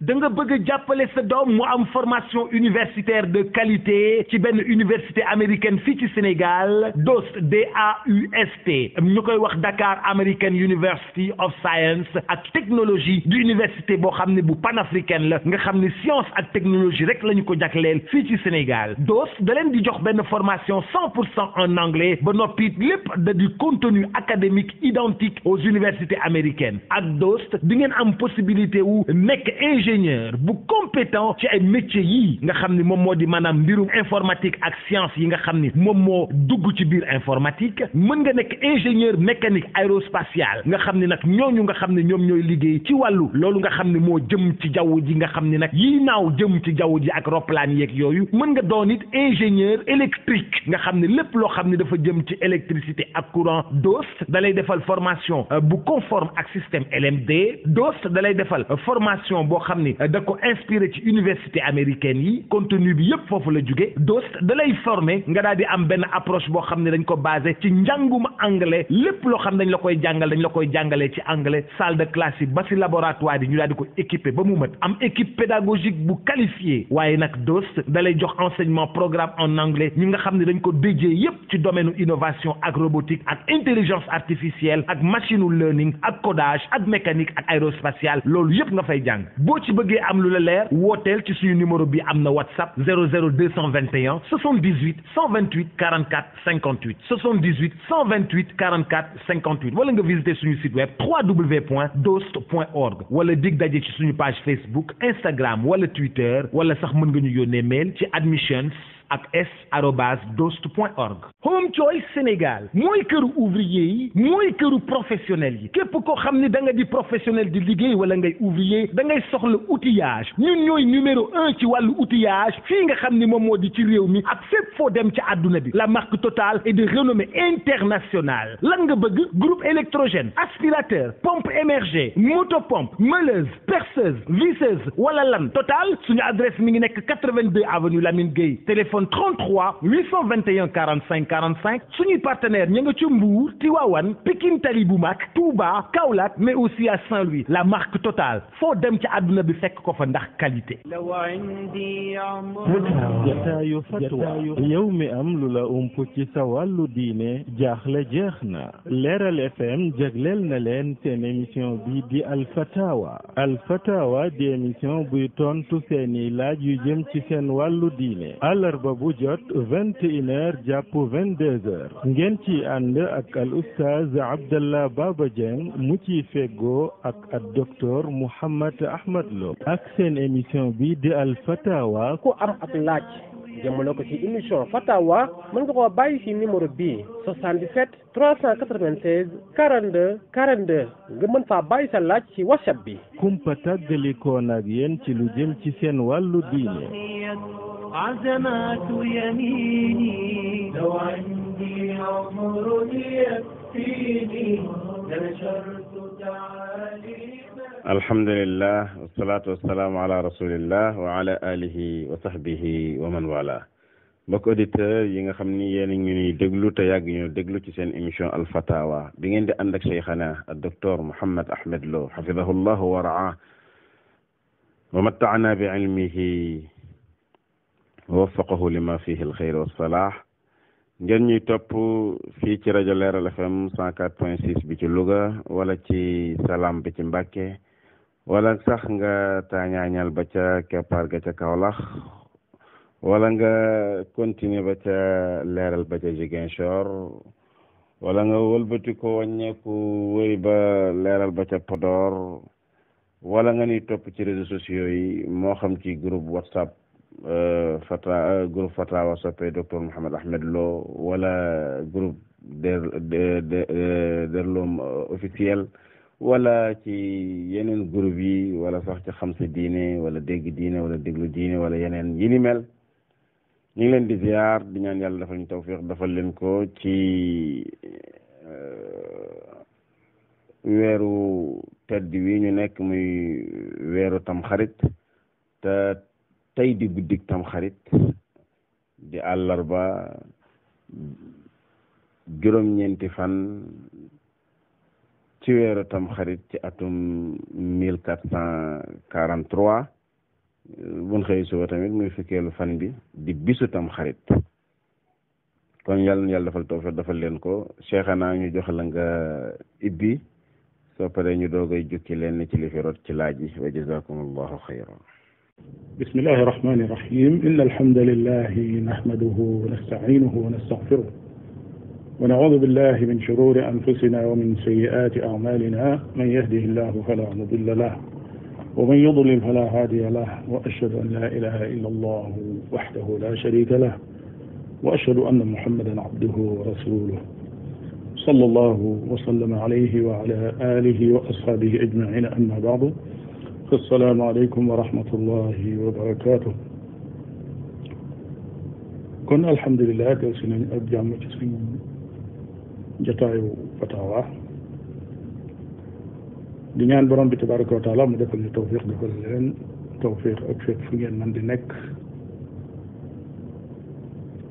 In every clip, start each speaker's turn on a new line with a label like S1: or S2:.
S1: da nga bëgg jàppale sa doom mu am formation universitaire de qualité ci benn université américaine fii ci Sénégal DOST D-A-U-S-T ñu koy wax Dakar American University of Science ak technologie du université boo xam ne bu panafricaine la nga xam ne science ak technologie rek la ñu ko jagleel fii ci Sénégal DOST da leen di jox benn formation cent pour cent en anglais ba noppi lépp da di contenu académique identique aux universités américaines ak DOST di ngeen am possibilité wu nekk ingénieur bu compétent ci ay métiers yii nga xam ni moom moo di maanaam mbirum informatique ak science yi nga xam ni moom moo dugg ci biir informatique mën nga nekk ingénieur mécanique aérospatiale nga xam ni nag ñooñu nga xam ne ñoom ñooy liggéey ci wàllu loolu nga xam ne moo jëm ci jaww ji nga xam ni nag yii naaw jëm ci jaww ji ak roplaan yeeg yooyu mën nga doon it ingénieur électrique nga xam ne lépp loo xam ne dafa jëm ci électricité ak courant DOS da lay defal formation euh, bu conforme xam ni da ko inspiré ci université américaine yi contenu bi yëpp foofu la jóge dost da lay formé nga daal di am benn approche boo xam ne dañ ko basé ci njàngum anglais lépp loo xam ne dañ la koy jàngal dañ la koy jàngalee ci anglais salle de classe yi ba si laboratoire yi ñu daal di ko équipé ba mu mat am équipe pédagogique bu qualifiée waaye nag dost dalay jox enseignement programme en anglais ñi nga xam ne dañ ko déjee yëpp ci domaine innovation ak ak intelligence artificielle ak machine learning ak codage ak mécanique ak aérospatiale loolu yëpp nga fay jàng ci bëggee am lu la leer wooteel ci suñu numéro bi am na whatsapp 00221 78 128 44 58 78 128 44 58 wala nga visiter suñu site web www.dost.org wala dig daje ci suñu page Facebook Instagram wala Twitter wala sax mën nga ñu yónnee mail ci admissions ak s arobase dost point org Home Choice Sénégal mooy këru ouvrier yi mooy këru professionnel yi képp koo xam ni da nga di professionnel di liggéey wala ngay ouvrier dangay ngay soxla outillage ñun ñooy numéro un ci wàllu outillage fii nga xam ni moom moo di ci réew mi ak fépp foo dem ci àdduna bi la marque totale est de renommée internationale lan nga bëgg groupe électrogène aspirateur pompe émergée motopompe meuleuse perceuse visseuse wala lan Total suñu adresse mi ngi nekk 82 avenue Lamine Gueye téléphone woon 33 821 45 45 suñuy partenaire ñu nga ca Mbour Tiwawan Pikine Tali bu mag Touba Kaolack mais aussi à saint la marque Total foo dem ca àdduna bi fekk ko fa ndax qualité
S2: jataayu fatwa yow mi am lu la ump ci sa wàllu diine jaaxle jeex na Leeral FM jagleel na leen seen émission bi di alfatawa alfatawa di émission buy tontu seeni laaj yu jëm ci seen wàllu diine suba bu jot vingt et une heures vingt deux heures ngeen ci ànd ak al oustaz Abdallah Baba Dieng mu ciy feggoo ak ak docteur Mouhammad Ahmad Lo ak seen émission bi di al fatawa ku am ak jëmale ko ci émission fatawa mën nga koo bàyyi ci numéro bii 77 396 42 nga mën faa bàyyi sa laaj ci whatsapp bi kumpa tàggalikoon ak yéen ci lu jëm ci seen wàllu diine
S1: azamatu yamini law indi umru yafini lanashartu taali
S3: alhamdulillah wasalaatu wasalaamu ala rasulillah wa ala alihi wa sahbihi wa man wala mbokk auditeur yi nga xam ni yéen ñu ni déglu te yàgg ñu déglu ci seen émission alfatawa bi ngeen di ànd ak cheikhana al docteur Mouhammad Ahmed Lo xafidahu llah wa raa wa mattaana bi ilmihi wa waffaqahu lima fihi alxeyr wassalah ngeen ñuy topp fii ci rajo Leeral FM 104.6 bi ci Louga wala ci Salam bi ci Mbàkke wala sax nga taañaañal ba ca keppaar ga ca Kaolack wala nga continuer ba ca leeral ba ca Ziguinchor wala nga wëlbati ko wàññeeku wëri ba leeral ba ca Podor wala nga ni topp ci réseaux sociaux yi moo xam ci groupe whatsapp euh, fata euh, groupe fatawa soppe docteur Mouhamed Ahmed Lo wala groupe der derloom euh, officiel wala ci yeneen groupe yi wala sax ci xam sa diine wala dégg diine wala déglu diine wala yeneen yi ñu ngi leen di ziar di ñaan yàlla defal ñu tawfiq defal leen ko ci euh, weeru tedd wi ñu nekk muy weeru tamxarit te tey di guddik tamxarit di àllarba juróom-ñeenti fan ci weeru xarit ci atum mille quatre cent quarante trois buñ xëy suba tamit muy kelu fan bi di bisu tam kon yàlla na yàlla defal leen ko Cheikhana ñu jox la nga ibbi soo paree ñu doogay jukki leen ci li fi rot ci laaj yi wa jazakumullahu xayran
S4: bismillahi rahmani inna alhamdulillahi nahmaduhu wa nasta'inuhu wa ونعوذ بالله من شرور أنفسنا ومن سيئات أعمالنا من يهده الله فلا مضل له ومن يضلل فلا هادي له وأشهد أن لا إله إلا الله وحده لا شريك له وأشهد أن محمدا عبده ورسوله صلى الله وسلم عليه وعلى آله وأصحابه أجمعين أما بعد فالسلام عليكم ورحمة الله وبركاته kon alhamdulilah del si nañ ak jàmm ci suñ jotaayu fatawa di ñaan borom bi tabaraka wa taala mu defal ñu tawfiq defal leen tawfiq ak fépp fu ngeen man di nekk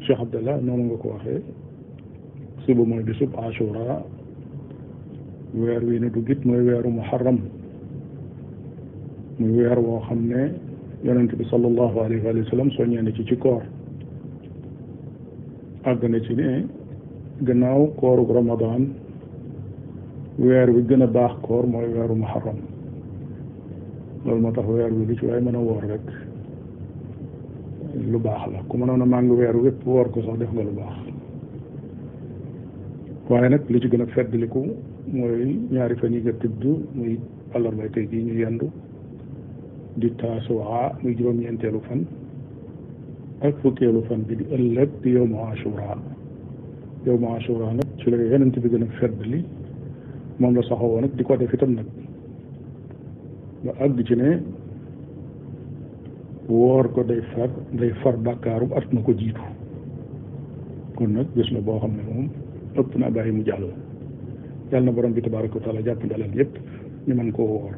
S4: Cheikh Abdallah noonu nga ko waxee suba mooy bisub Ashura weer wi nu duggit mooy weeru muharram muy weer woo xam ne yonent bi sallallahu alayhi wa sallam soññee ci ci koor àgg na ci ne gannaaw koorug Ramadan weer wi gën a baax koor mooy weeru muharram loolu moo tax weer wi li ci waaye mën a woor rek lu baax la ku mën a màng weer wépp woor ko sax def nga lu baax waaye nag li ci gën a ko mooy ñaari fan yi nga tudd muy àllarbay tey ñu yendu di taasuwaa muy juróom-ñeenteelu fan ak fukkeelu fan bi di ëllëg di yowmu ashura yow ma asura nag ci la yonent bi gën fedd li moom la saxoo nag di ko def itam nag ba àgg ci ne woor ko day far day far bàkkaaru at na ko jiitu kon nag bés na boo xam ne moom ëpp naa bàyyi mu jàll yàlla na borom bi tabaaraka wa taala jàpp ndalal yépp ñu mën koo woor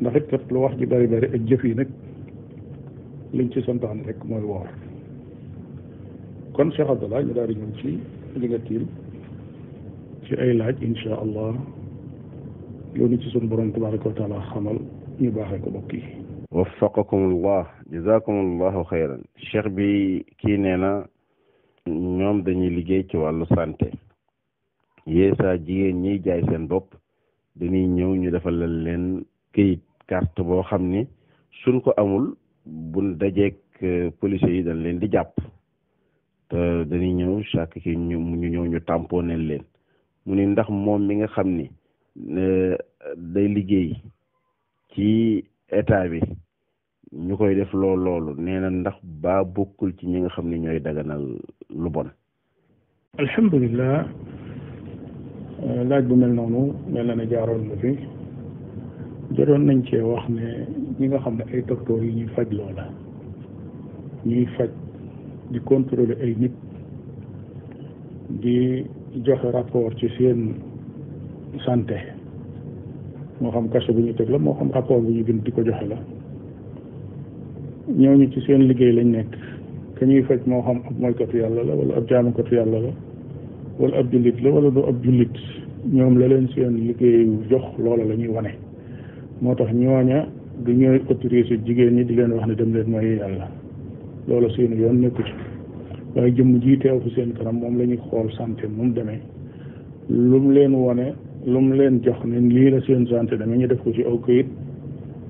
S4: ndax it kat lu wax ji bari bari ak jëf yi nag liñ ci santaane rek mooy woor kon Cheikh Abdallah ñu daal di ñëw ci li nga ay laaj insha allah loolu ci sunu borom tabaraka wa taala xamal ñu baaxee ko bokk yi
S3: waffaqakum allah jazakum allahu xayran cheikh bi kii nee na ñoom dañuy liggéey ci wàllu sante yéesaa jigéen ñi jaay seen bopp dañuy ñëw ñu defal defalal leen këyit kart boo xam ni suñ ko amul bu dajeek euh, police yi dañ leen di jàpp te dañuy ñëw chaque ki ñu ñu ñëw ñu tamponel leen mu ni ndax moom mi nga xam ni day liggéey ci état bi ñu koy def lool loolu nee na ndax baa bokkul ci ñi nga xam ni ñooy daganal
S4: lu bon alhamdulilah laaj bu mel noonu mel na jaaroon na fi jotoon nañ cee wax ne ñi nga xam ne ay docteur yi ñuy faj loola ñuy faj di contrôler ay nit di joxe rapport ci seen santé moo xam kaso bu ñu teg la moo xam rapport bu ñu gën di ko joxe la ñooñu ci seen liggéey lañ nekk ka ñuy faj moo xam ab moykatu yàlla la wala ab jaamukatu yàlla la wala ab jullit la wala du ab jullit ñoom la leen seen liggéeyu jox loola la ñuy wane moo tax ñooña du ñooy autorisé jigéen ñi di leen wax ne dem leen mooy yàlla loola seenu yoon nekku ci waaye jëmm ji teew fi seen kanam moom la ñuy xool sante moom mu demee lu mu leen wone lu mu leen jox ne lii la seen santé demee ñu def ko ci aw këyit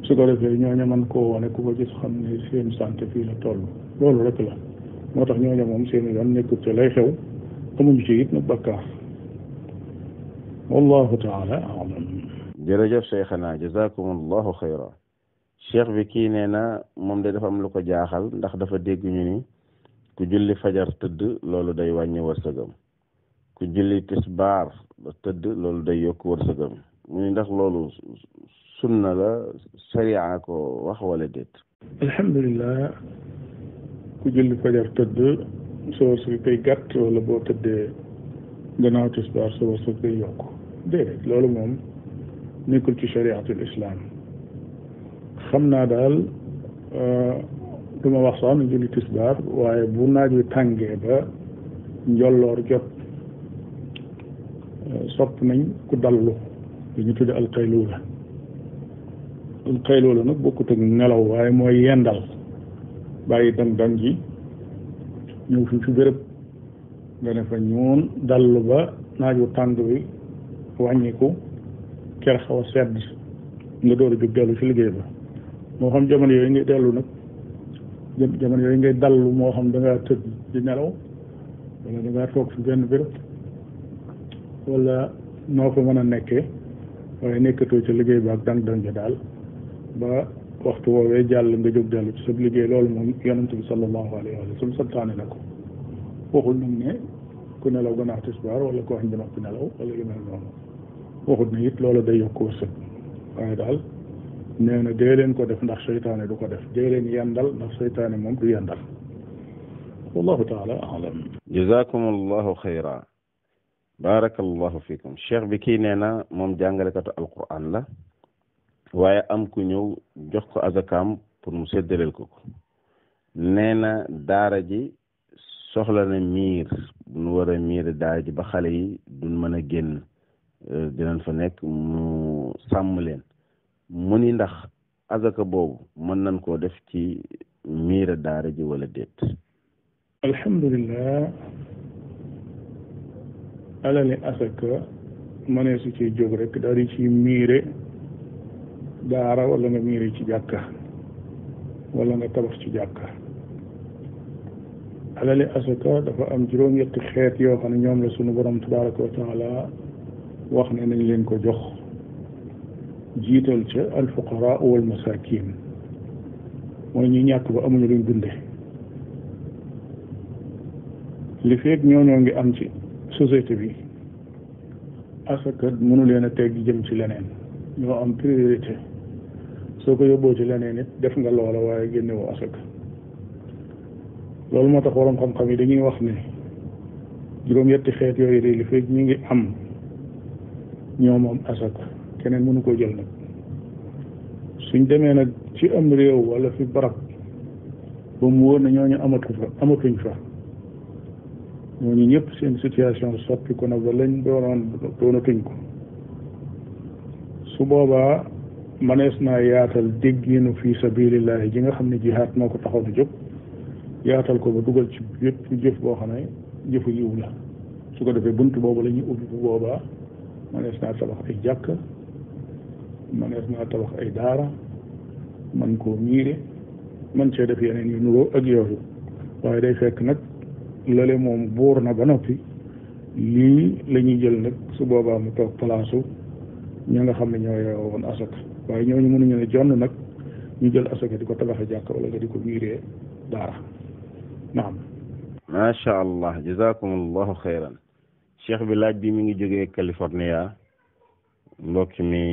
S4: su ko defee ñooñu mën koo wone ku ko gis xam ne seen santé fii la toll loolu rek la moo tax ñoo moom seenu yoon ne ku te lay xew amuñu ci it nag bakkaar wallahu taala alam
S3: jërëjëf Cheikhana jazakumullahu xayra cheikh bi kii nee na moom de dafa am lu ko jaaxal ndax dafa dégguñu ñu ni ku julli fajar tëdd loolu day wàññi wërsëgam ku julli tisbaar ba tëdd loolu day yokk wërsëgam mu ni ndax loolu sunna la sariya ko wax wala déet
S4: alhamdulilah ku julli fajar tëdd sa wërsëg day gàtt wala boo tëddee gannaaw tisbaar sa wërsëg day yokk déedéet loolu moom nekkul ci chariatul islam xam naa daal euh, du ma wax sax na julli waaye bu naaj wi tàngee ba njolloor jot euh, sopp nañ ku dallu li ñu tudde alqayluula alqayluula nag bokkut ak nelaw waaye mooy yendal bàyyi dang dang ji ñëw fi fi béréb nga ne fa ñuun dallu ba naaj wu tàng wi wàññiku ker xaw a sedd nga door a dellu ci liggéey ba moo xam jamono yooyu ngay dellu nag jamono yooyu ngay dallu moo xam da ngaa tëdd di nelaw wala da ngaa toog fi benn ko mën a nekkee waaye nekkatoo ca liggéey ba ak dang-dang ja daal ba waxtu woowee jàll nga jóg dellu ci sa liggéey loolu moom yonent bi sallallahu alayhi wa sallam na ko waxul nag ne ku nelaw gannaaw tisbaar wala ko wax ñu noppi nelaw wala yu mel noonu ne it loola day yokk waaye daal nee na dee leen ko def ndax seytaane du ko def dee leen yendal ndax seytaane moom du yendal wallahu taala alam
S3: jazakum allahu xayra barakallahu fikum cheikh bi kii nee na moom jàngalekatu alquran la waaye am ku ñëw jox ko azakam pour mu séddaleel ko ko nee na daara ji soxla na miir bu nu war a miir daara ji ba xale yi duñ mën a génn dinañ fa nekk mu sàmm mu ni ndax azaka boobu mën nañ koo def ci miira daara ji walla déet
S4: alhamdulilah alali asaka mënee su ci jóg rek daal di ci miire daara wala nga miire ci jàkka wala nga tabax ci jàkka alali asaka dafa am juróom-ñetti xeet yoo xam ne ñoom la sunu borom tabaraka wa taala wax ne nañ leen ko jox jiital ca alfuqaraa wal masaakiin mooy ñu ñàkk ba amuñu luñ dunde li feeg ñooñoo ngi am ci société bi asaka mënu leen a tegg jëm ci leneen ñoo am priorité soo ko yóbboo ci leneen it def nga loola waaye génnewoo asaka loolu moo tax waroon xam-xam yi dañuy wax ni juróom-yetti xeet yooyu de li feeg ñu ngi am ñoo moom asaka keneen mënu koo jël nag suñ demee nag ci am réew wala fi barab ba mu wóor na ñooñu amatu fa amatuñ fa ñooñu ñëpp seen situation soppi ko na ba lañ doonoon doonatuñ ko su boobaa manees naa yaatal dégginu fi sabilillahi ji nga xam ne jihaat noo ko taxaw di jóg yaatal ko ba dugal ci yëpp jëf boo xam ne jëfu yiw la su ko defee bunt boobu lañuy ñuy ubbi bu boobaa manees naa tabax ay jàkk mënees naa tabax ay daara man koo miire man cee def yeneen yu nuroo ak yooyu waaye day fekk nag lale moom buur na ba noppi lii lañuy jël nag su boobaa mu toog palaasu ña nga xam ne ñoo yeewoo woon asaka waaye ñooñu mënuñu ne jonn nag ñu jël asaka di ko tabaxee jàkka wala nga di ko miiree daara naam.
S3: macha allah jazakumullahu xayran cheikh bi laaj bi mu ngi jógee California mbokk mi.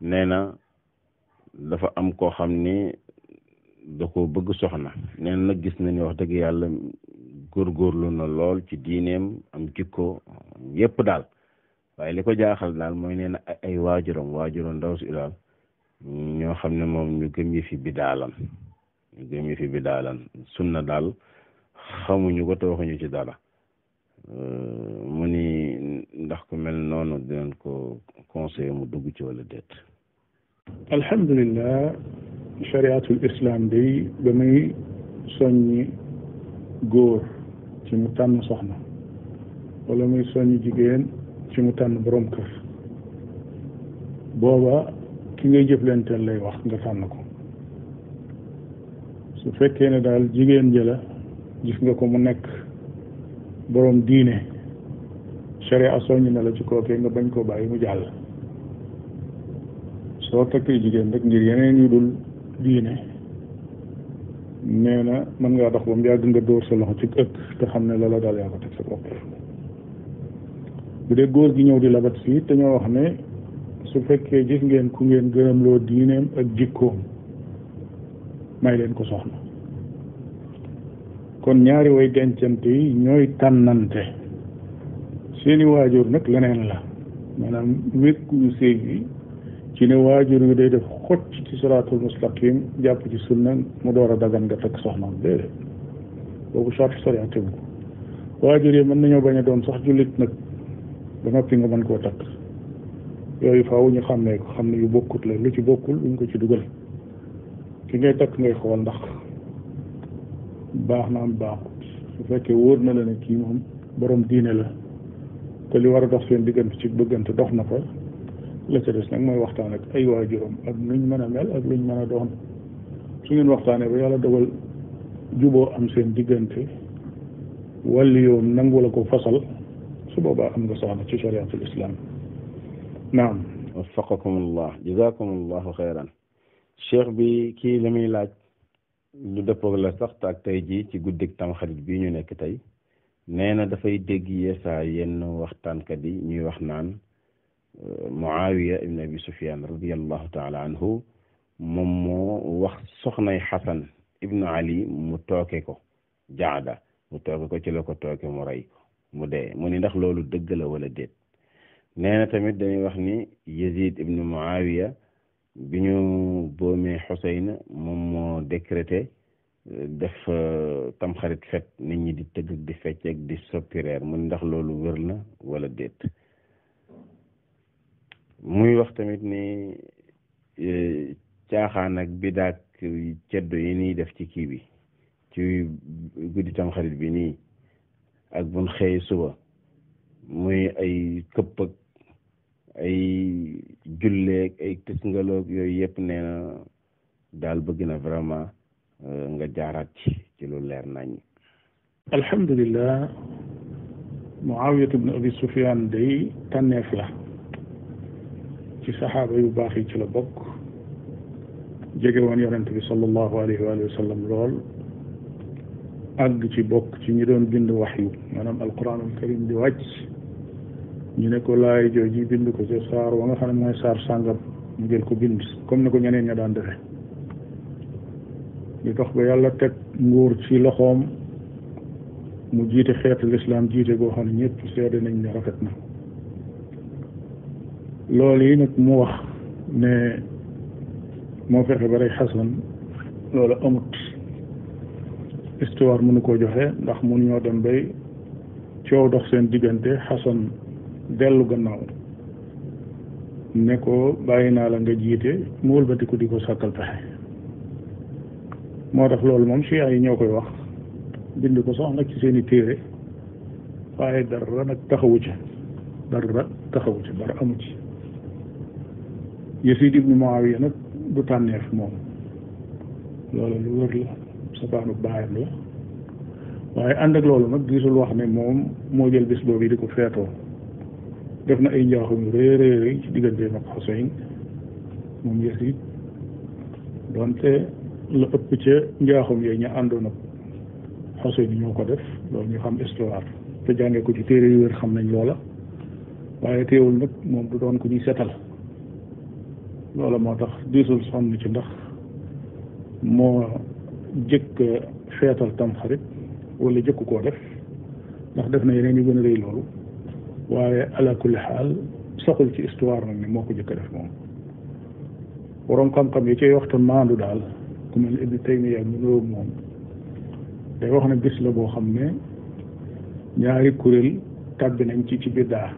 S3: nee na dafa am koo xam ni da ko bëgg soxna nee na gis na ni wax dëgg yàlla góorgóorlu na lool ci diineem am jikko yépp daal waaye li ko jaaxal daal mooy nee na ay waajuram waajuram ndaw si daal xam ne moom ñu fi bi daalan ñu bi daalan sunna daal xamuñu ko te waxuñu ci dala mu ni ndax ku mel noonu dinañ ko conseiller mu dugg ci walla déet
S4: alhamdulilah chariatul islam day ba muy soññi góor ci mu tànn soxna wala muy soññi jigéen ci mu tànn boroom kër booba ki ngay jëflanteel lay wax nga tànn ko su fekkee ne daal jigéen jëla gis nga ko mu nekk boroom diine sharia soññ na la ci kookee nga bañ koo bàyyi mu jàll soo takkee jigéen rek ngir yeneen yu dul diine nee na mën ngaa dox ba mu yàgg nga dóor sa loxo ci ëkk xam ne lala daal yaa sa bopp bu dee góor gi ñëw di labat fii te wax ne su fekkee gis ngeen ku ngeen gërëmloo diineem ak jikkoom may leen ko soxna kon ñaari woy dencante yi ñooy tànnante seeni waajur nag leneen la maanaam wékkuñu sëy bi ci ne waajur wi day def xocc ci siraatul mustaqim jàpp ci sunna mu door a dagan nga takk soxnaam déedéet boobu charte sharia tegu waajur yi mën nañoo bañ sax jullit nag ba noppi nga mën koo takk yooyu faw ñu xàmmee ko xam ne yu bokkut la lu ci bokkul luñ ko ci dugal ki ngay takk ngay xool ndax baax na am baaxut su fekkee wóor na la ne kii moom boroom diine la te li war a dox seen diggante ci bëggante dox na ko la ca des nag mooy waxtaan ak ay waajuram ak luñ mën a mel ak luñ mën a doon su ngeen waxtaanee ba yàlla dogal juboo am seen diggante wàllu yoon nangu la ko fasal su boobaa am nga soxna ci shariatul islam
S3: naam waffaqakum allah jazakum allahu xeyran cheikh bi kii li muy laaj lu dëppoog la sax tey jii ci guddik tam bi ñu nekk tey nee na dafay dégg yeesaa yenn waxtaankat yi ñuy wax naan euh, muawiya ibn abi sufyan radiallahu taala anhu moom moo wax soxnay xasan ibnu ali mu tooke ko jaada mu tooke ko ci la ko tooke mu rey ko mu dee mu ndax loolu dëgg la wala déet nee tamit dañuy wax ni yazid ibnu muawiya bi ñu boomee xuseyn moom moo décrété def euh, tamxarit fet nit ñi di tëgg di fecc ak di soppi reer mu ndax loolu wër na wala déet muy wax tamit ni euh, caaxaan bi bidaak ceddo yi nii def ci kii bi ci guddi tamxarit bi nii ak buñ xëyee suba muy ay këpp ay julleeg ay tësngaloog yooyu yëpp nee na daal bëgg na vraiment Euh, nga jaaraat ci ci lu leer nañ
S4: alhamdulilah muawiyat ibn abi sufyan day tànneef la ci saxaaba yu baax yi ci la bokk jege woon yonent bi sallallahu alayhi wa sallam lool àgg ci bokk ci ñu doon bind waxyu maanaam alquran alkarim di wàcc ñu ne ko laay jooji bind ko ci saar wa nga xam ne mooy saar sàngam ñu jël ko bind comme ni ko ñeneen ña daan defee li tax ba yàlla teg nguur ci loxoom mu jiite xeetu lislaam jiite goo xam ne ñëpp seede nañ ne rafet na lool yi nag mu wax ne moo fexe ba rey xasan loolu amut histoire mënu koo joxe ndax mënu ñoo dem bay coow dox seen diggante xasan dellu gannaaw ne ko bàyyi naa la nga jiite mu wëlbatiku di ko sàkkal pexe moo tax loolu moom chia yi ñoo koy wax bind ko sax nag ci seeni i téere waaye dara nag taxawu ci dara taxawu ci dara amu ci Yasid ibnu Muawiya nag du tànneef moom loolu lu wër la sabaanu baayam la waaye ànd ak loolu nag gisul wax ne moom moo jël bis boobu di ko feetoo def na ay njaaxum yu rëy rëy rëy ci diggante mag Xuseyn moom Yasid donte la ëpp ca njaaxum yooyu ñu àndoon ak xose bi ñoo ko def loolu ñu xam histoire te jàngee ko ci téere yu wér xam nañ loola waaye teewul nag moom du doon ku ñuy setal loola moo tax diisul sonn ci ndax moo jëkk feetal tam xarit wala jëkk koo def ndax def na yeneen yu gën a rëy loolu waaye ala kulli xaal saxul ci histoire nag ni moo ko jëkk a def moom borom xam-xam yi ci waxtu maandu daal ku mel ni Ibnu Taymiya mu nuroog moom day wax ne gis la boo xam ne ñaari kuréel tàgg nañ ci ci biddaa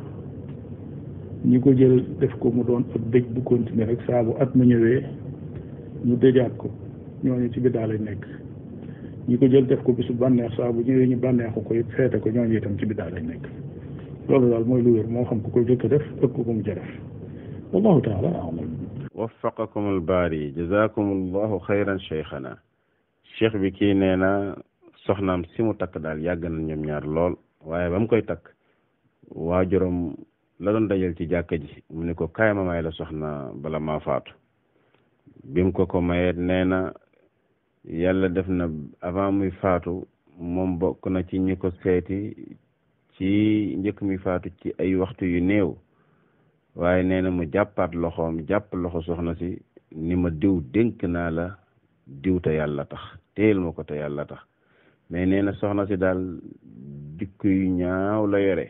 S4: ñi ko jël def ko mu doon ab dëj bu continuer rek saa at mu ñëwee ñu dëjaat ko ñooñu ci biddaa lañ nekk ñi ko jël def ko bisu bànneex saa bu ñëwee ñu bànneexu ko it feete ko ñooñu itam ci biddaa lañ nekk loolu daal mooy lu wér moo xam ku ko a def ak ku ko mu ca def wallahu taala alam
S3: waffaqakum albaari jazakum allahu xayran cheikhana cheikh bi kii nee na soxnaam si mu takk daal yàgg na ñoom ñaar lool waaye ba koy takk waajuram la doon dajal ci jàkka ji mu ne ko kaay ma may la soxna bala ma faatu bi ko ko mayee nee na yàlla def na avant muy faatu moom bokk na ci ñi ko seeti ci njëkk mi faatu ci ay waxtu yu néew waaye nee na mu jàppaat loxoom jàpp loxo soxna si ni ma diw dénk naa la diw te yàlla tax téel ma ko te yàlla tax mais nee na soxna si daal jikko yu ñaaw la yore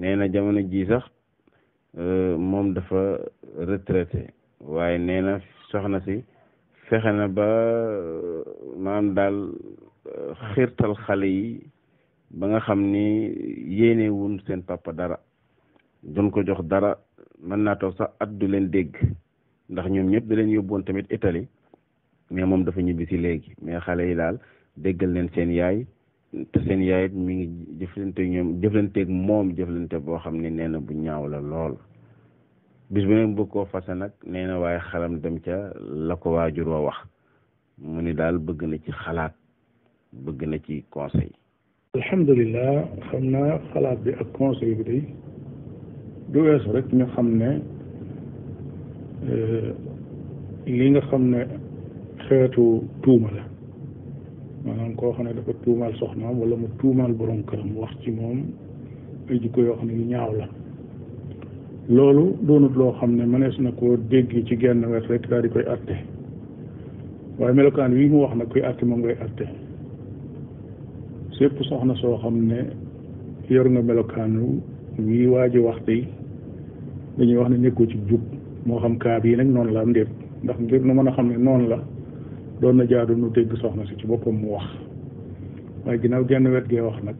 S3: nee na jamono ji sax euh, moom dafa retraité waaye nee na soxna si fexe na ba euh, maam daal euh, xiirtal xale yi ba nga xam ni yéene wun seen papa dara duñ ko jox dara mën naa toog sax at du leen dégg ndax ñoom ñëpp da leen yóbboon tamit Italie mais moom dafa ñibbisi léegi mais xale yi daal déggal leen seen yaay te seen yaay it mi ngi jëflante ñoom moom jëflante boo xam ne nee na bu ñaaw la lool bis bu ne bëgg koo fase nag nee na waaye xalam dem ca la ko waajur wax mu ni daal bëgg na ci xalaat bëgg na ci conseil
S4: alhamdulilah xam naa xalaat bi ak conseil bi day du weesu rek ñu xam ne euh, li nga xam ne xeetu tuuma la maanaam koo xam ne dafa tuumaal soxna wala mu tuumaal borom këram wax ci moom ay jikko yoo xam ne yu ñaaw la loolu doonut loo xam ne mënees na koo dégg ci genn wet rek daal di koy atte waaye melokaan wi mu wax nag koy atte moom ngay atte sépp soxna soo xam ne yor nga melokaanu wii waa ji wax tey dañuy wax ne nekkoo ci jub moo xam kaa bii nag noonu la am ndéet ndax ngir nu mën a xam ne noonu la doon na jaadu nu dégg soxna si ci boppam mu wax waaye ginnaaw genn wet gee wax nag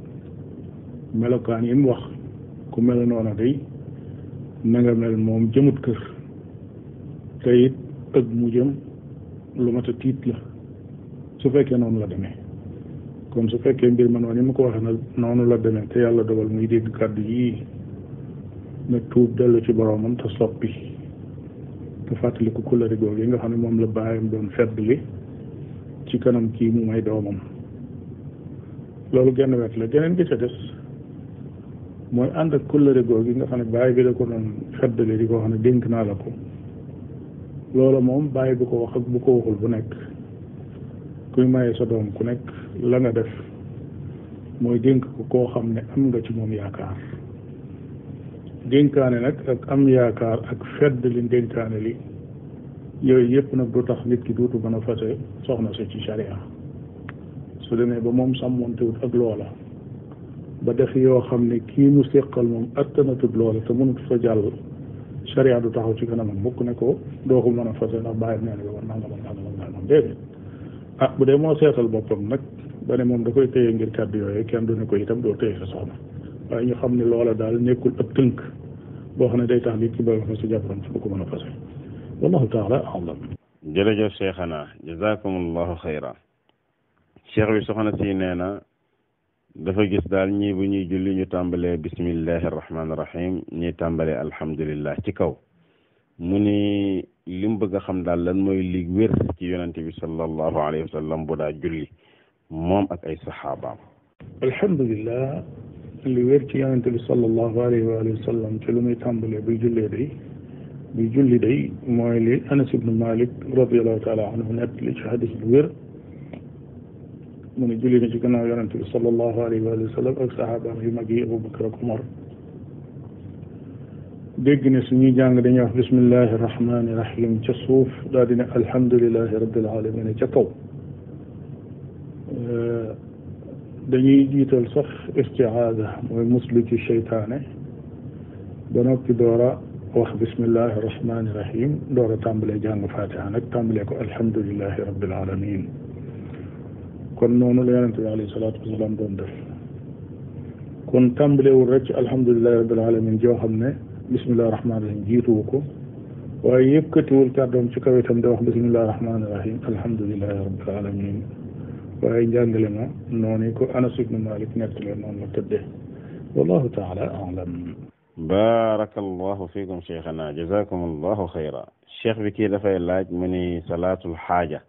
S4: melokaan yi mu wax ku mel noona day na nga mel moom jëmut kër te it ëgg mu jëm lu mat a tiit la su fekkee noonu la demee kon su fekkee mbir ma noonu ni mu ko waxee nag noonu la demee te yàlla dogal muy dégg kàddu yii na tuub dellu ci boroomam te soppi te fàttaliku kóllëre googu yi nga xam ne moom la baayam doon feddli ci kanam kii mu may doomam loolu genn wet la geneen gi ca des mooy ànd ak kóllëre googu yi nga xam ne bàyyi bi da ko doon feddli di ko xam ne dénk naa la ko loola moom baay bu ko wax ak bu ko waxul bu nekk kuy maye sa doom ku nekk la nga def mooy dénk ko koo xam ne am nga ci moom yaakaar dénkaane nag ak am yaakaar ak fedd li dénkaane li yooyu yëpp nag du tax nit ki duutu mën a fase soxna si ci sharia su demee ba moom sàmmontewut ak loola ba def yoo xam ne kii mu séqal moom attanatut loola te mënut fa jàll sharia du taxaw ci kanamam mukk ne ko doo ko mën a fase ndax bàyyi nee na war naa nga mën naa nga mën naa nga déedéet ah bu dee moo seetal boppam nag ba moom da koy téye ngir kàddu kenn du ne ko itam doo téye sa soxna waaye xam ne loola daal nekkul ab tënk boo xam ne day tax nit ki bëgg fa si jàppoon si bu ko mën a fase wallahu taala alam
S3: jërëjëf cheikhana jazakumullahu xayra cheikh bi soxna si nee na dafa gis daal ñi bu ñuy julli ñu tàmbalee bismillahi rahmaani rahim tàmbalee alhamdulillah ci kaw mu ni li mu bëgg a xam daal lan mooy li wér ci yonente bi sallallahu alayhi bu daa julli moom ak ay saxaabaam
S4: alhamdulilah li wér ci yonente bi sallallahu alayhi wa ci lu muy tàmbalee buy jullee day buy julli day mooy li anas ibnu malik radiallahu taala anhu ci hadis bu wér julli na ci gannaaw yonente bi sallallahu alayhi wa ak saxaabaam yu mag yi abubakar ak umar dégg ne suñuy jàng dañuy wax bismillahi rahmani rahim ca suuf daal di ne alhamdulilahi rabbil alamin ca kaw eh, dañuy jiital sax istiaada mooy muslu ci seytaane ba noppi doora wax bismillahi rahmani rahim doora tàmbalee jàng fatiha nag tàmbalee ko alhamdulilahi rabbil alamin kon noonu la yonente bi alayhi salaatu wasalaam doon def kon tàmbalewul rek ci alhamdulilahi rabbil alamin joo xam ne bisimilah rahmaani rahiim jiituwu ko waaye yëkkatiwul kàddoom ci kaw itam da wax bisimilah rahmaani rahiim alhamdulilahi rabbil alamin waaye njàngale ma noonu ko Anas ibnu Malik nettale noonu la tëddee wallahu taala alam
S3: baarakallahu fiikum cheikhana jazakum allahu xayra cheikh bi kii dafay laaj mu ni salaatul xaaja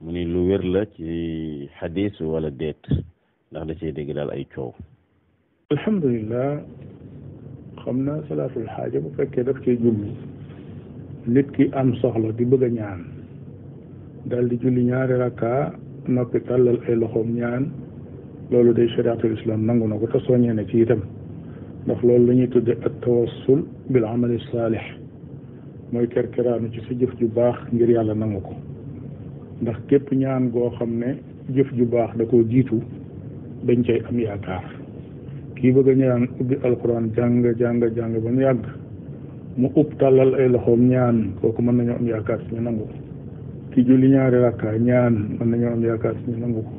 S3: mu ni lu wér la ci xadis wala déet ndax da cee dégg daal ay coow
S4: alhamdulilah xam na salaatul xaaja bu fekkee daf cee julli nit ki am soxla di bëgg a ñaan dal di julli ñaari rakka noppi tàllal ay loxoom ñaan loolu day shariatul islam nangu na ko te soññee na ci itam ndax loolu la ñuy tudde ak tawassul bil amali mooy kerkeraanu ci sa jëf ju baax ngir yàlla nangu ko ndax képp ñaan goo xam ne jëf ju baax da koo jiitu dañ cay am yaakaar kii bëgg a ñaan ubbi alquran jàng jàng jàng ba mu yàgg mu ub tàllal ay loxoom ñaan kooku mën nañoo am yaakaar si ñu nangu ko ki julli ñaari rakka ñaan mën nañoo am yaakaar si nangu ko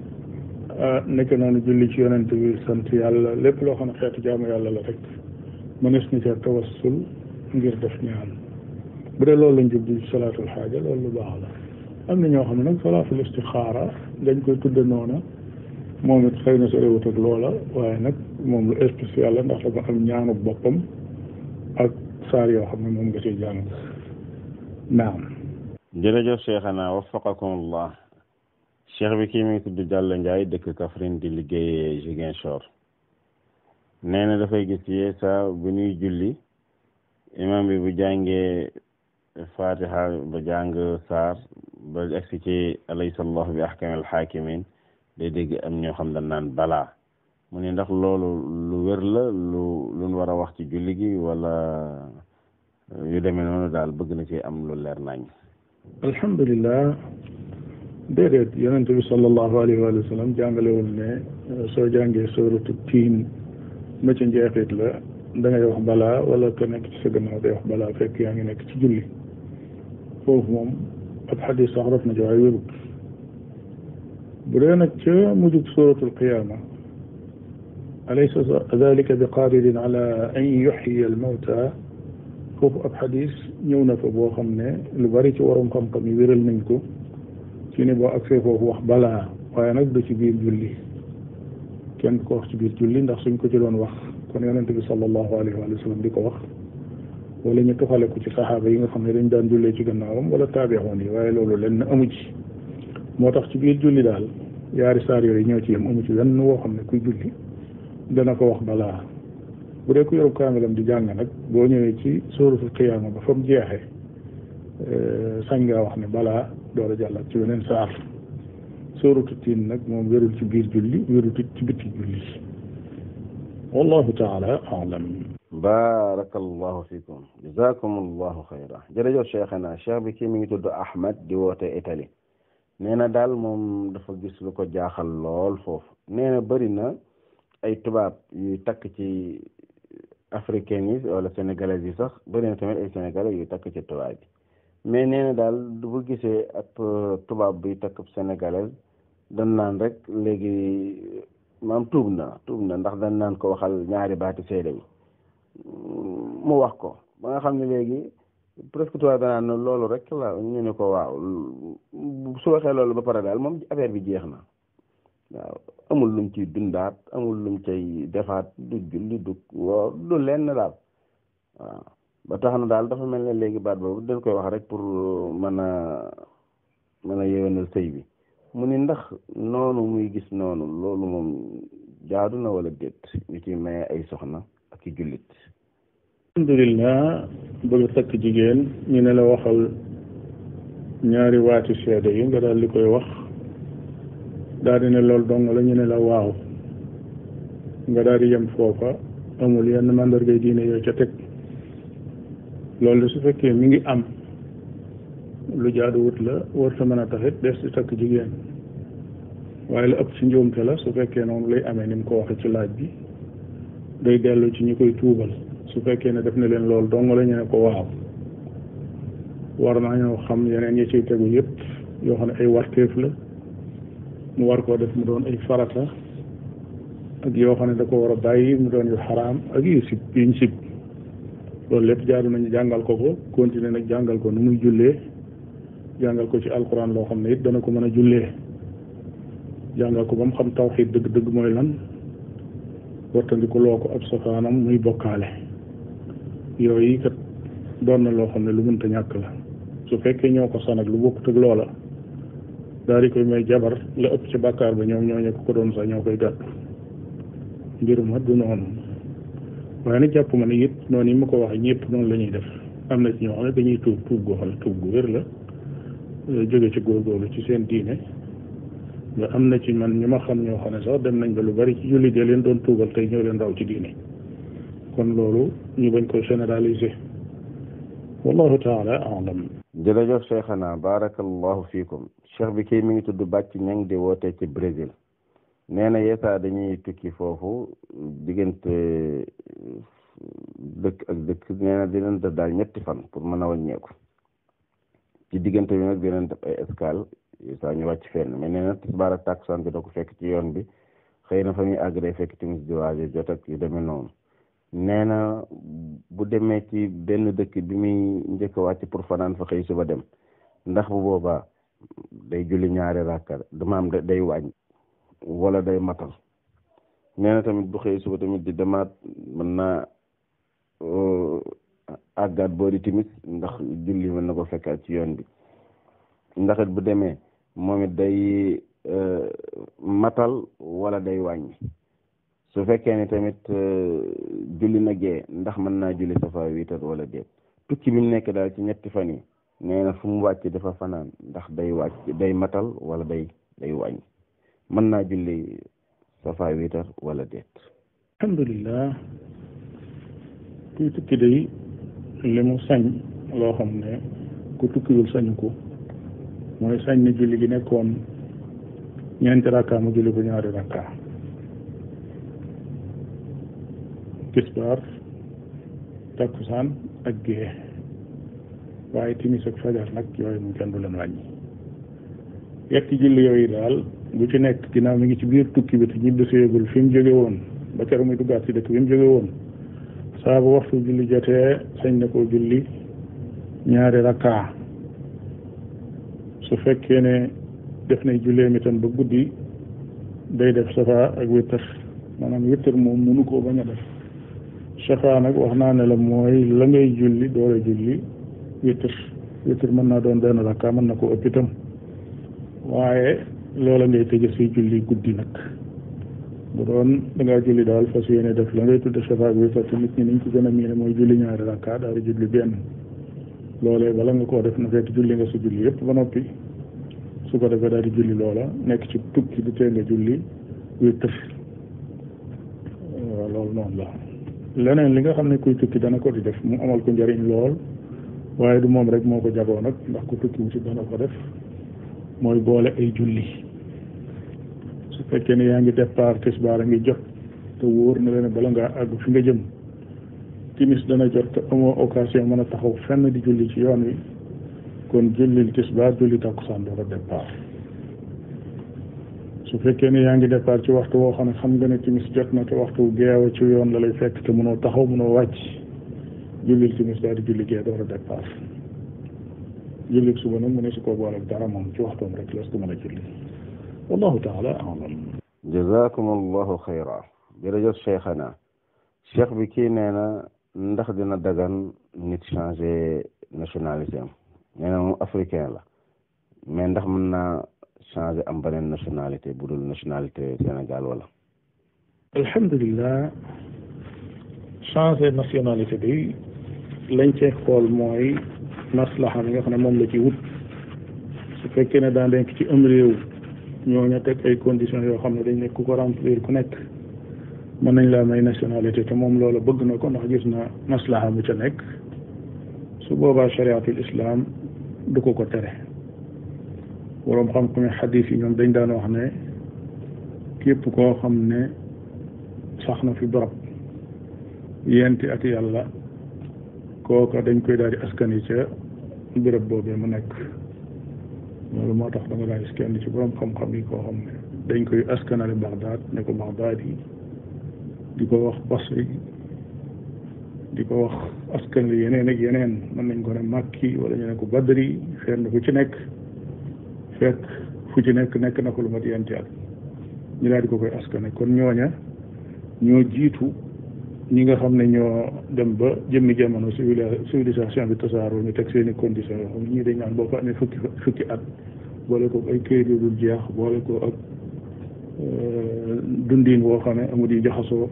S4: ah, nekk noonu julli ci yonent bi sant yàlla lépp loo xam ne xeetu jaamu yàlla la rek mënees na ca tawassul ngir def ñaan bu dee loolu lañ jublu salaatul xaaja loolu lu baax la am na ñoo xam ne nag salaatul istixaara dañ koy tudde noona moom it xëy na sa ak loola waaye moom lu spécial la ndax dafa am ñaanu boppam ak saar yoo xam ne moom nga see jàng naam
S3: jërëjëf cheikhana waffaqakumullah cheikh bi kii mi ngi tudd Jàll Njaay dëkk Kaffrine di liggéeyee Ziguinchor nee na dafay gis yee saa bu ñuy julli imam bi bu jàngee fatiha ba jàng saar ba egsi ci alayhi sallahu bi ahkam alxaakimin day dégg am ñoo xam ne naan balaa mu ni ndax loolu lu wér la lu luñ war a wax ci julli gi wala euh, yu demee noonu daal bëgg na ci am lu leer nañ
S4: alhamdulilah déedéet yonent bi sallallahu alayhi wa sallam jàngalewul ne euh, soo jàngee sooratu tiin ma ci njeexit la da ngay wax balaa wala ko nekk ci sa gannaaw day wax balaa fekk yaa ngi nekk ci julli foofu moom ab xadis sax raf na ci waaye wérut bu dee nag ca mujjub sooratul qiyaama alaysa dalika bi qaadirin ala an yuxyiya al mawta foofu ab xadis ñëw na fa boo xam ne lu bari ci waroom xam-xam yi wéral nañ ko ci ne boo agsee foofu wax balaa waaye nag du ci biir julli kenn ko wax ci biir julli ndax suñ ko ci doon wax kon yonent bi sallallahu alayhi wa sallam di ko wax wala ñu tuxale ko ci saxaaba yi nga xam ne dañ daan jullee ci gannaawam wala taabeexoon yi waaye loolu lenn amu ci moo tax ci biir julli daal yaari saar yooyu ñoo ci yem amu ci lenn woo xam ne kuy julli dana ko wax balaa bu dee ku kaamilam di jàng nag boo ñëwee ci sóoratul qiyaama ba fa jeexe jeexee euh, sañ wax ne balaa door a ci beneen saar sóoratu tiin nag moom wérul ci biir julli wérul ci bitti julli wallahu taala alam
S3: baarakallahu fikum jazakum allahu xayra jërëjëf cheikhana cheikh bi kii mi ngi tudd ahmad di woote Italie nee na daal moom dafa gis ko jaaxal lool foofu nee na na ay tubaab yuy takk ci africain yi wala sénégalais yi sax bëri tamit ay sénégalais yuy takk ci tubaab bi mais nee na daal bu gisee ak euh, tubaab bi takk sénégalais dan naan rek léegi maam tuub na tuub na ndax dan naan ko waxal ñaari baati seede yi mu wax ko ba nga xam ne léegi presque tubaab danaan loolu rek la ñu ne ko waaw su waxee loolu ba pare daal moom affaire bi jeex na waaw amul lum ci dundaat amul lum cay defaat du julli du woor du lenn daal waaw ba tax na daal dafa mel ne léegi baat boobu dañ koy wax rek pour mën a mën a yewenal sëy bi mu ni ndax noonu muy gis noonu loolu moom jaadu na wala déet ñu
S4: ci maye ay soxna ak i jullit alhamdulillah bëgg takk jigéen ñu ne la waxal ñaari waati seede yi nga daal li koy wax daal ne loolu dong lañu ne la waaw nga daal yem foofa amul yenn mandargay diine yooyu ca teg loolu su fekkee mi ngi am lu jaaduwut la war sa mën a taxit des di takk jigéen waaye la ëpp ci njuumte la su fekkee noonu lay amee ni mu ko waxee ci laaj bi day dellu ci ñi koy tuubal su fekkee ne def na leen lool dong la ñu ne ko waaw war naa ñoo xam yeneen yi ciy tegu yëpp yoo xam ne ay warteef la mu war koo def mu doon ay farata ak yoo xam ne da ko war a bàyyi mu doon yu xaraam ak yu sib yuñ sib loolu lépp jaaru nañ jàngal ko ko continuer nag jàngal ko nu muy jullee jàngal ko ci alquran loo xam ne it dana ko mën a jullee jàngal ko ba mu xam tawxiid dëgg-dëgg mooy lan wartandiku ko ab safaanam muy bokkaale yooyu kat doon na loo xam ne lu mënta ñàkk la su fekkee ñoo ko sanag lu bokkut ak loola daal di koy may jabar la ëpp ci bàkkaar ba ñoom ñoo ko ko doon sax ñoo koy gàddu mbir ma du noonu waaye nag jàpp ma ne it noonu yi mu ko waxee ñëpp noonu lañuy def am na ci ñoo xam ne dañuy tuub tuub goo xam ne tuub gu wér la euh, jóge ci góorgóorlu ci seen diine nga am na ci man ñu ma xam ñoo xam ne sax dem nañ ba lu bari ci jullit leen doon tuubal tey ñoo leen raw ci diine kon loolu ñu bañ ko généraliser wallahu taala alam
S3: jërëjëf cheikhana barakallahu fiikum cheikh bi kii mi ngi tudd bàcc ñang di woote ci Brésil nee na yeesaa dañuy tukki foofu diggante dëkk ak dëkk nee na dinañ def daal ñetti fan pour mën a wàññeeku ci diggante bi nag dinañ def ay escale saa ñu wàcc fenn mais nee na tisbaar ak takkusaan bi da ko fekk ci yoon bi xëy na fa muy agre fekk timis di waajo jot ak yu demee noonu nee na bu demee ci benn dëkk bi muy njëkk wàcc pour fanaan fa xëy suba dem ndax bu boobaa day julli ñaari rakka damaam day wàññ wala day matal nee tamit bu xëy suba tamit di demaat mën naa euh, àggaat boori timis ndax julli mën na ko fekkaat ci yoon bi ndax bu demee moom it day euh, matal wala day wàññi su fekkee ni tamit euh, julli na gee ndax mën naa julli safa wiitar wala déet tukki bi mu nekk daal ci ñetti fan yi nee na fu mu wàcc dafa fanaan ndax day wàcc day matal wala day day wàññi mën naa julli safa wiitar wala déet
S4: alhamdulilah kuy tukki day li mu sañ loo xam ne ku tukkiwul sañu ko mooy sañ ne julli gi nekkoon ñeenti rakka mu julli ko ñaari rakka tisbaar takkusaan ak gée waaye timis ak fajar nag yooyu moom kenn du leen wàññi yetti julli yooyu daal bu ci nekk ginnaaw mi ngi ci biir tukki bi te ñibbi seegul fi mu jóge woon ba keroog muy duggaat ci dëkk bi mu jóge woon saa bu waxtu julli jotee sañ na koo julli ñaari rakkaa su fekkee ne def nay julleem itam ba guddi day def safa ak wittar maanaam wittar moom mënu koo bañ def chafa nag wax naa ne la mooy la ngay julli door a julli witr witr mën naa doon benn rakka mën na ko ëpp itam waaye loola ngay tëje si julli guddi nag bu doon da ngaa julli daal fas yenee def la ngay tudde chafa ak witr te nit ñi niñ ci gën a miine mooy julli ñaari rakka daal di julli benn loolee bala nga koo def na fekk julli nga sa julli yëpp ba noppi su ko defee daal di julli loola nekk ci tukki du tee nga julli witr waaw loolu noonu la leneen li nga xam ne kuy tukki dana ko di def mu amal ku njariñ lool waaye du moom rek moo ko jagoo nag ndax ku tukki wu ci na ko def mooy boole ay julli su fekkee ne yaa ngi départ tisbaar a ngi jot te wóor na leen bala ngaa àgg fi nga jëm timis dana jot te amoo occasion mën a taxaw fenn di julli ci yoon wi kon jullil tisbaar julli takkusaan door a départ su fekkee ne yaa ngi départ ci waxtu woo xam ne xam nga ne timis jot na te waxtu geewa ci yoon la lay fekk te mënoo taxaw mënoo wàcc jullil timis daal di julli gee door a départ jullit suba nag mu ne su ko booleeg dara moom ci waxtoom rek la su mën a julli wallahu taala alam
S3: jazakum allahu xayra jërëjëf cheikhana cheikh bi kii nee na ndax dina dagan nit changé nationalité am nee na africain la changé am beneen nationalité bu dul nationalité Sénégal wala.
S4: alhamdulilah changé nationalité bi lañ cee xool mooy maslaha bi nga xam ne moom la ci wut su fekkee ne daa denk ci am réew ñooñu teg ay conditions yoo xam ne dañ nekk ku ko remplir ku nekk mën nañ laa may nationalité te moom loola bëgg na ko ndax gis na maslaha mu ca nekk su boobaa chariatul islam du ko ko tere. boroom xam-xame xadiis yi ñoom dañ daan wax ne képp koo xam ne sax na fi barab yenti at yàlla kooka dañ koy daal di askan yi ca béréb boobee mu nekk loolu moo tax da nga daal gis kenn ci boroom xam-xam yi koo xam ne dañ koy askanale Baxdaad ne ko Baxdaad yi di ko wax Basri di ko wax askan li yeneen ak yeneen mën nañ ko ne Makki wala ñu ne ko Badri xeer na ko ci nekk fekk fu ci nekk nekk na ko lu mat yenti at ñu daal di ko koy askane kon ñooña ñoo jiitu ñi nga xam ne ñoo dem ba jëmmi jamono civilisation bi tasaaroo ñu teg seen condition conditions yoo xam ne ñii dañ naan boo ko amee fukki at boole ko ay këyit yu jeex boole ko ak euh, dundiin woo xam ne amul yu jaxasoo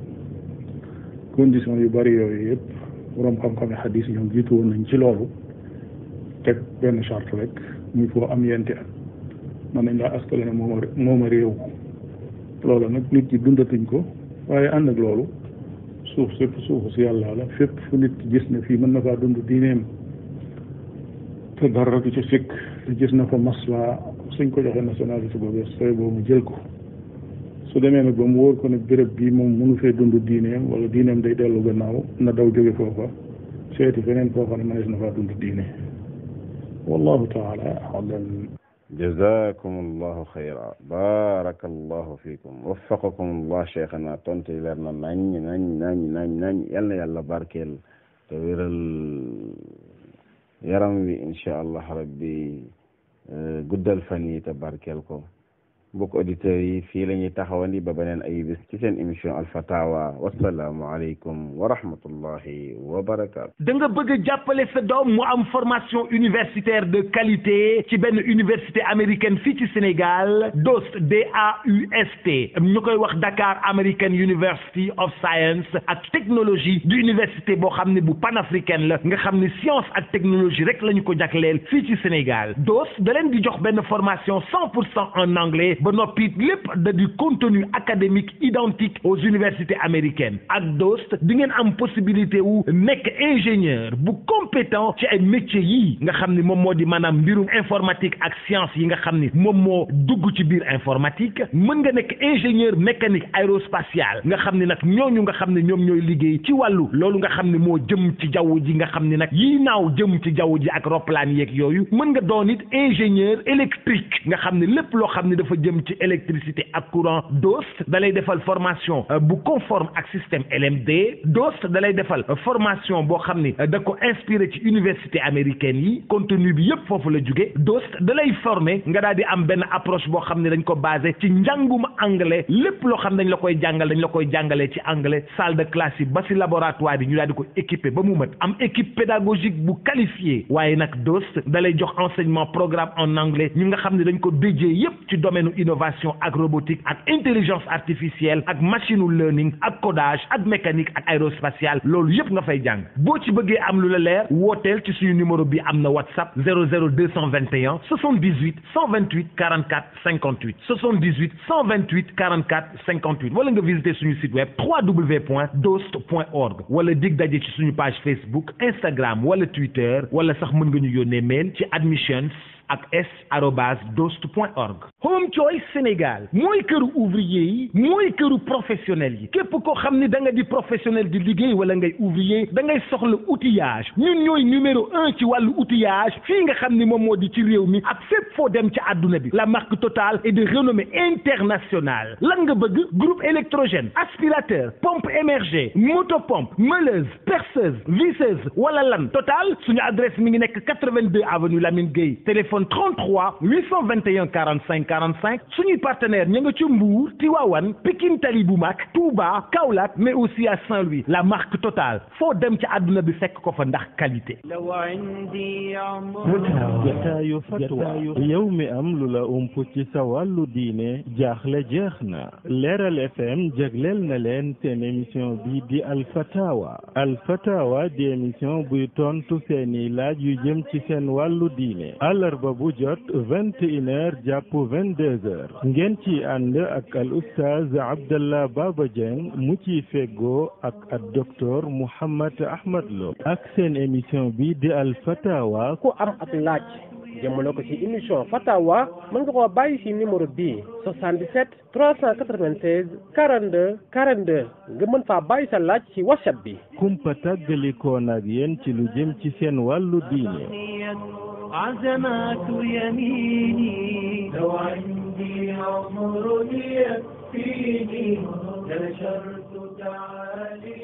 S4: condition yu bari yooyu yëpp borom xam-xam yi xadis ñoom jiitu woon nañ ci loolu teg benn charte rek muy foo am yenti at man nañ laa askale ne mooma mooma réew loola nag nit ñi dundatuñ ko waaye ànd ak loolu suuf sépp suufu si yàlla la fépp fu nit gis ne fii mën na faa dund diineem te dara du ci fekk te gis na fa maslaa suñ ko joxee nationalité boobee sooy boobu jël ko su demee nag ba mu wóor ko ne béréb bii moom mënu fee dund diineem wala diineem day dellu gannaaw na daw jóge foofa seeti feneen foo xam ne mënees na faa dund diine wallahu taala
S3: jazakum allahu xayra baraka allahu fiikum waffaqakum allah cheikhana tontu leer na nañ nañ nañ nañ nañ yal na yàlla barkeel te wéral yaram wi incha allah rabbi eh, guddal fan yi te barkeel ko mbokk auditeurs yi fii la ñuy taxawandi ba beneen ay bis ci seen émission alfatawa wasalaamualeykum wa rahmatullahi wa barakaatu.
S1: da nga bëgg jàppale sa doom mu am formation universitaire de qualité ci benn université américaine fii ci Sénégal DOST DAUST ñu koy wax Dakar American University of Science ak technologie du université boo xam ne bu panafricaine la nga xam ne science ak technologie rek la ñu ko jagleel fii ci Sénégal DOST da di jox benn formation 100 pour cent en ba noppi lépp da di contenu académique identique aux universités américaines ak DOST di ngeen am possibilité wu nekk ingénieur bu compétent ci ay métiers yii nga xam ni moom moo di maanaam mbirum informatique ak science yi nga xam ni moom moo dugg ci biir informatique mën nga nekk ingénieur mécanique aérospatiale nga xam ni nag ñooñu nga xam ne ñoom ñooy liggéey ci wàllu loolu nga xam ne moo jëm ci jaww ji nga xam ni nag yi naaw jëm ci jaww ji ak roplaan yeeg yooyu mën nga doon it ingénieur électrique nga xam ne lépp loo xam ne dafa jëm ci électricité ak courant DOS dalay defal formation euh, bu conforme ak système LMD DOS dalay defal euh, formation boo xam ni euh, da ko inspiré ci université américaine yi contenu bi yëpp foofu la jóge DOS dalay formé nga daal di am benn approche boo xam ne dañ ko basé ci njàngum anglais lépp loo xam dañ la koy jàngal dañ la koy jàngalee ci anglais salle de classe yi ba si laboratoire yi ñu daal di ko équipé ba mu mën am équipe pédagogique bu qualifiée waaye nag DOS dalay jox enseignement programme en anglais ñi nga xam ne dañ ko déjee innovation ak robotique ak intelligence artificielle ak machine learning ak codage ak mécanique ak aérospatiale loolu yëpp nga fay jàng boo ci bëggee am lu la leer wooteel ci suñu numéro bi am na whatsapp 00 221 78 128 44 58 78 128 44 58 wala nga visiter suñu site web www.dost.org wala dig daje ci suñu page Facebook Instagram wala Twitter wala sax mën nga ñu yónnee mail ci admissions ak s arobase dost point org Home Choice Sénégal mooy këru ouvrier yi mooy këru professionnel yi képp koo xam ni da nga di professionnel di liggéey wala ngay ouvrier da ngay soxla outillage ñun ñooy numéro un ci wàllu outillage fi nga xam ni moom moo di ci réew mi ak fépp foo dem ci àdduna bi la marque Total est de renommée internationale lan nga bëgg groupe électrogène aspirateur pompe émergée motopompe meuleuse perceuse visseuse wala lan Total suñu adresse mi ngi nekk 82 avenue Lamine Gueye téléphone woon 33 821 45 45 suñuy partenaire ñu nga ci Mbour Tiwawan Pikine Tali bu mag Touba Kaolack mais aussi à saint la marque Total foo dem ca àdduna bi fekk ko fa ndax qualité
S2: jataayu fatwa yow mi am lu la ump ci sa wàllu diine jaaxle jeex na Leeral FM jagleel na leen seen émission bi di alfatawa alfatawa di émission buy tontu seen laaj yu jëm ci seen wàllu diine suba bu jot vingt et une heures jàpp ngeen ci ànd ak al oustaz Abdallah Baba Dieng mu ci feggoo ak ak docteur Mouhammad Ahmad Lo ak seen émission bi di al fatawa ku am ak laaj jëmale ko ci émission fatawa mën nga koo bàyyi ci numéro bii 77 396 nga mën faa bàyyi sa laaj ci whatsapp bi kumpa tàggalikoon ak yéen ci lu jëm ci seen wàllu diine
S1: عزمات يميني لو عندي عمر يكفيني نشرت تعالي